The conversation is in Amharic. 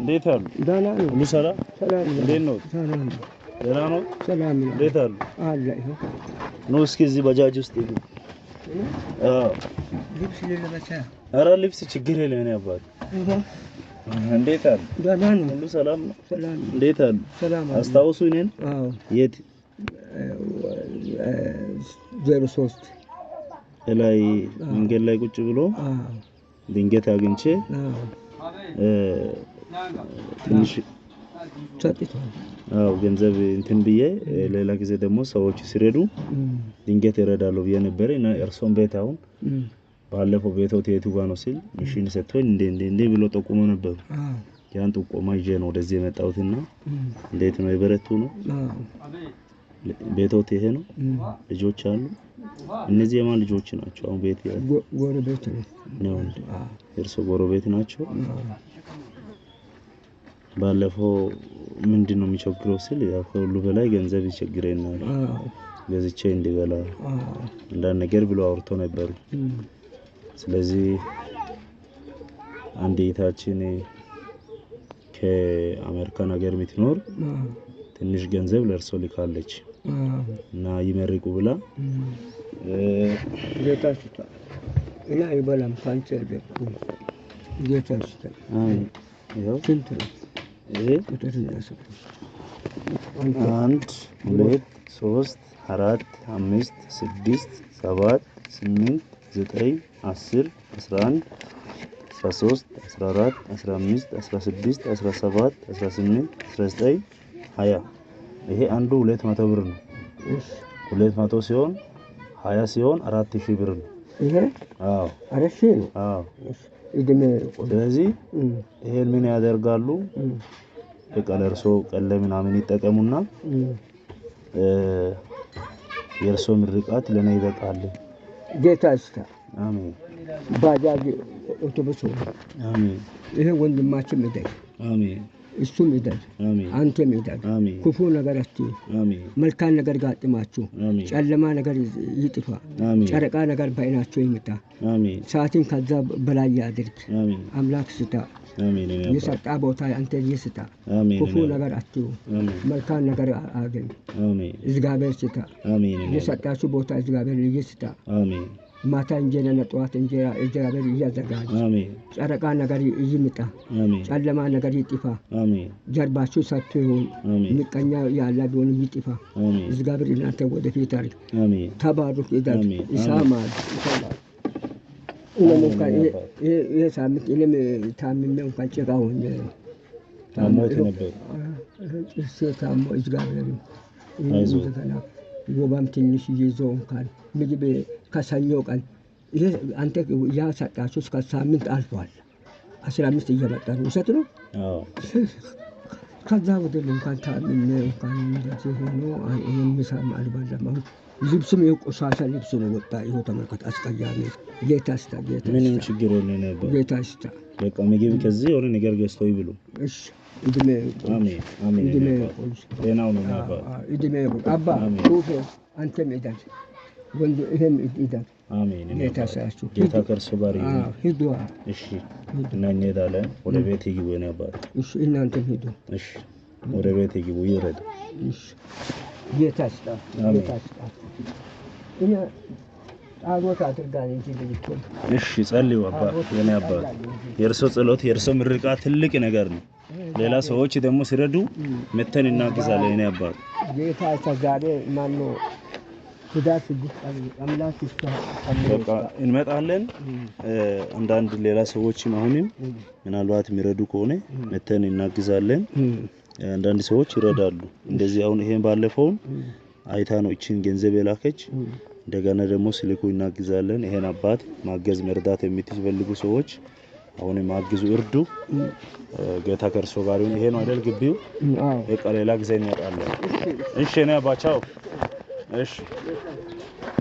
እንዴት አሉ? ደህና ነው። ሁሉ ሰላም? እንዴት ነው? ነው። ደህና ነው። ሰላም ነው። እንዴት አሉ? አለ ይኸው እስኪ እዚህ ባጃጅ ውስጥ ይሄ አዎ፣ ልብስ ኧረ ልብስ ችግር የለም። ነው አባት እንዴት አሉ? ደህና ነው። ሁሉ ሰላም ነው። ሰላም ነው። እንዴት አሉ? ሰላም አስታውሱ እኔን? አዎ። የት ዜሮ ሶስት ላይ መንገድ ላይ ቁጭ ብሎ ድንገት አግኝቼ E, ትንሽ አዎ ገንዘብ እንትን ብዬ ሌላ ጊዜ ደግሞ ሰዎች ሲረዱ ድንገት ይረዳሉ ብዬ ነበረ እና እርሶን ቤት አሁን ባለፈው ቤተው ቴቱ ጋ ነው ሲል ሚሽን ሰጥቶኝ እንዴ እንዴ እንዴ ብሎ ጠቁሞ ነበሩ። ያን ጥቆማ ይዤ ነው ወደዚህ የመጣሁትና እንዴት ነው የበረቱ ነው ቤተው ቴሄ ነው ልጆች አሉ። እነዚህ የማን ልጆች ናቸው? አሁን ቤት ጎረቤት ነው የእርሶ ጎረቤት ናቸው። ባለፈው ምንድን ነው የሚቸግረው ስል ከሁሉ በላይ ገንዘብ ይቸግረናል፣ ገዝቼ እንዲበላ አንዳንድ ነገር ብሎ አውርቶ ነበሩ። ስለዚህ አንድ እይታችን ከአሜሪካን ሀገር የምትኖር ትንሽ ገንዘብ ለእርሶ ልካለች እና ይመርቁ ብላ ካንሰር ጌታ አንድ ሁለት ሶስት አራት አምስት ስድስት ሰባት ስምንት ዘጠኝ አስር አስራ አንድ አስራ ሶስት አስራ አራት አስራ አምስት አስራ ስድስት አስራ ሰባት አስራ ስምንት አስራ ዘጠኝ ሀያ ይሄ አንዱ ሁለት መቶ ብር ነው። ሁለት መቶ ሲሆን ሀያ ሲሆን አራት ሺህ ብር ነው። ስለዚህ ይሄን ምን ያደርጋሉ? በቀለ እርሶ ቀለ ምናምን ይጠቀሙና የእርሶ ምርቃት ለእኔ ይበቃል። ጌታ ይስታ። አሜን። ባጃጅ ኦቶቡስ። ይሄ ወንድማችን ምደግ። አሜን። እሱም ይደግ፣ አንተም ይደግ። ክፉ ነገራችሁ መልካም ነገር ጋጥማችሁ፣ ጨለማ ነገር ይጥፋ፣ ጨረቃ ነገር በአይናችሁ ይምጣ፣ ሰዓትን ከዛ በላይ ያድርግ። አምላክ ስታ የሰጣ ቦታ አንተ ይስጣ። ክፉ ነገር አት መልካም ነገር አገኝ። እግዚአብሔር ስታ የሰጣችሁ ቦታ እግዚአብሔር ይስጣ። ማታ እንጀራና ጠዋት እንጀራ እግዚአብሔር እያዘጋጅ ጨረቃ ነገር ይምጣ፣ ጨለማ ነገር ይጥፋ፣ ጀርባችሁ ሰጥቶ ይሆን ምቀኛ ያለ ቢሆንም ይጥፋ። እግዚአብሔር እናንተ ወደፊት አርግ። ተባሩክ ይሄ ሳምንት እኔም ታምሜ እንኳን ጭቃ ሆኜ ነበር ጭሴ ታሞ እግዚአብሔር ወባም ትንሽ ይዞ እንኳን ምግብ ከሰኞ ቀን ይሄ አንተ ያ ሰጣችሁ እስከ ሳምንት አልፏል። አስራ አምስት እየመጣ ነው ውሰት ነው። ከዛ ወደ እንኳን ታምነ እንኳን እንደዚህ ሆኖ የምሳም አልበላም። አሁን ልብስም የቆሻሻ ልብሱ ነው ወጣ። ይኸው ተመልከት፣ አስቀያሚ ጌታ ስታ ጌታ ምንም ችግር የለ ነበር። ጌታ ስታ በቃ ምግብ ከዚህ የሆነ ነገር ገዝተው ይብሉ። እሺ እድሜ አሜን አሜን። እድሜ ጤናው ነው ነበር። እድሜ አባ ሱፌ አንተ ሄዳል ወልድ ይሄም ይዳል አሜን። ጌታ ሳያችሁ ጌታ ከእርሱ ጋር ይሁን። ሂዱ። እሺ፣ እና እንሄዳለን። ወደ ቤት ይግቡ የኔ አባት። እሺ፣ እናንተም ሂዱ። እሺ፣ ወደ ቤት ይግቡ። ይረዱ። እሺ፣ ጌታ ስጣ። ጌታ ስጣ። እኛ ጣዖት አድርጋን እንጂ ልጅኮ። እሺ፣ ጸልዩ አባ፣ የኔ አባት። የእርሶ ጸሎት የእርሶ ምርቃ ትልቅ ነገር ነው። ሌላ ሰዎች ደግሞ ሲረዱ መተን እናግዛለን። የኔ አባት ጌታ ተዛሬ ነው እንመጣለን። አንዳንድ ሌላ ሰዎችም አሁንም ምናልባት የሚረዱ ከሆነ መተን እናግዛለን። አንዳንድ ሰዎች ይረዳሉ። እንደዚህ አሁን ይሄን ባለፈውም አይታ ነው እችን ገንዘብ የላከች። እንደገና ደግሞ ስልኩ እናግዛለን። ይሄን አባት ማገዝ መርዳት የምትፈልጉ ሰዎች አሁን ማግዙ፣ እርዱ። ጌታ ከእርሶ ጋር ይሁን። ይሄ ነው አይደል ግቢው? በቃ ሌላ ጊዜ እንመጣለን። እሺ። እኔ አባቻው Mas